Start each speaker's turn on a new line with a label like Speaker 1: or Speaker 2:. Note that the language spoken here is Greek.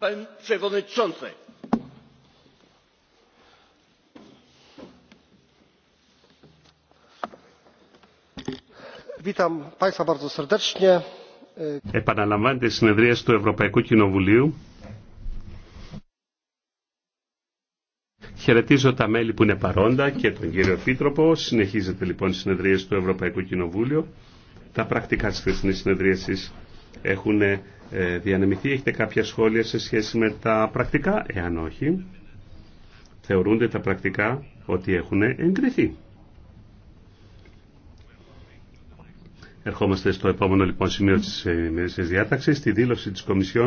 Speaker 1: panie przewodniczący!
Speaker 2: witam państwa bardzo serdecznie.
Speaker 3: επαναλαμβάνεται η
Speaker 4: συνεδρία του ευρωπαϊκού κοινοβουλίου. Χαιρετίζω τα μέλη που είναι παρόντα και τον κύριο Επίτροπο. Συνεχίζεται λοιπόν η συνεδρία του Ευρωπαϊκού Κοινοβούλιο. Τα πρακτικά τη χθεσινή συνεδρίασης έχουν ε, διανεμηθεί. Έχετε κάποια σχόλια σε σχέση με τα πρακτικά. Εάν όχι, θεωρούνται τα πρακτικά ότι έχουν εγκριθεί. Ερχόμαστε στο επόμενο λοιπόν σημείο της ε, διάταξης, τη
Speaker 5: δήλωση της Κομισιόν